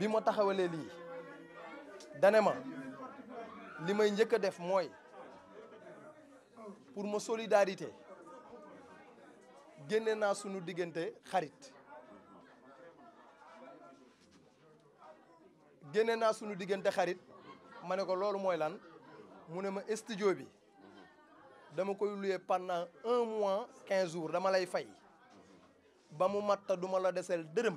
bi ma taxawalee lii dane ma li may njëkk a def mooy pour ma solidarité génne naa sunu diggante xarit génne naa sunu diggante xarit ma ne ko loolu mooy lan mu ne ma estudio bi dama koy louer pendant un mois quinze jours dama lay fay ba mu mat duma la deseel dërëm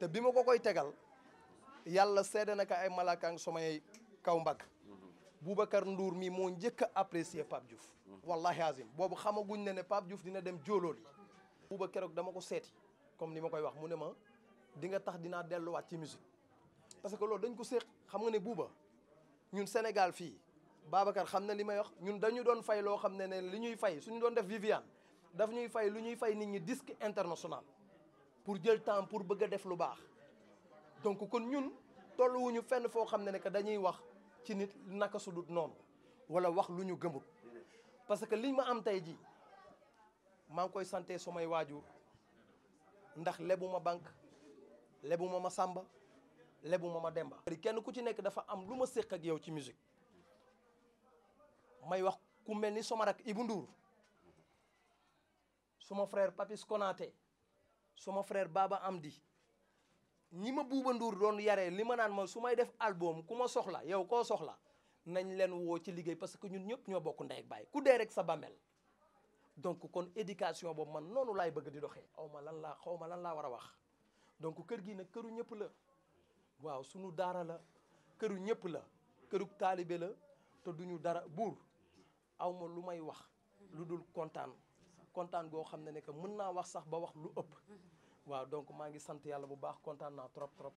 te bi ma ko koy tegal yàlla seede na ko ay malaakaang samay kaw mbagg Boubacar nduur mi moo njëkk a apprécier Pape Diouf wallahi azim boobu xamaguñ ne ne Pape Diouf dina dem jóolool yi buuba keroog dama ko seeti comme ni ma koy wax mu ne ma di nga tax dinaa delluwaat ci musique parce que loolu dañ ko séq xam nga ne buuba ñun Sénégal fii Babacar xam na li may wax ñun dañu doon fay loo xam ne ne li ñuy fay suñu doon def Viviane daf ñuy fay lu ñuy fay nit ñi disque international pour jël temps pour bëgg a def lu baax donc kon ñun tolluwuñu fenn foo xam ne ne que dañuy wax ci nit naka su dul noonu wala wax lu ñu gëmut parce que liñ ma am tey jii maa ngi koy sante may waajur ndax lebuma banque lebuma ma sàmba lebuma ma demba kenn ku ci nekk dafa am lu ma séq ak yow ci musique may wax ku mel ni sama rak Ibou Ndour suma frère Papis Konaté su ma suma baaba am di ñi ma Buuba Nduur doon yaree li ma naan ma su may def album ku ma soxla yow koo soxla nañ leen woo ci liggéey parce que ñun ñëpp ñoo bokk ndey ak ku dee rek sa bàmmeel donc kon éducation boobu man noonu laay bëgg di doxee xaw ma lan laa xaw ma lan laa war a wax donc kër gi nag këru ñëpp la waaw sunu daara la këru ñëpp la këru taalibe la te du ñu dara buur awma lu may wax lu dul kontaan kontaan goo xam ne ne que mën naa wax sax ba wax lu ëpp mm-hmm. waaw donc maa ngi sant yàlla bu baax kontaan naa trop trop